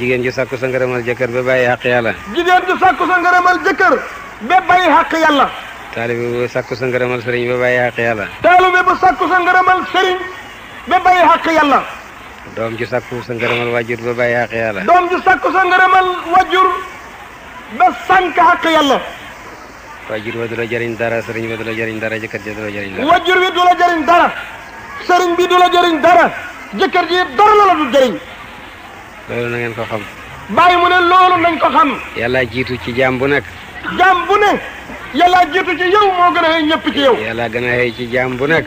jigéen ju sàkku sa ngërëmal jëkkër ba bàyyi xaq yàlla jigéen ju sàkku sa ngërëmal jëkkër ba xaq yàlla taalibe bu sàkku sa ngërëmal sëriñ ba xaq yàlla doom ju sàkku sa ngërëmal wàjjur ba xaq yàlla doom ju sàkku sa ngërëmal wàjjur ba xaq yàlla wàjjur ji du la jëriñ dara wàjjur bi du la dara sëriñ bi du la dara jëkkër ji dara la la du loolu na ngeen ko xam. bàyyi mu ne loolu nañ ko xam. yàlla jiitu ci jaam bu nekk. jaam bu ne. yàlla jiitu ci yow moo gën a xëy ñëpp ci yow. yàlla gën a xëy ci jaam bu nekk.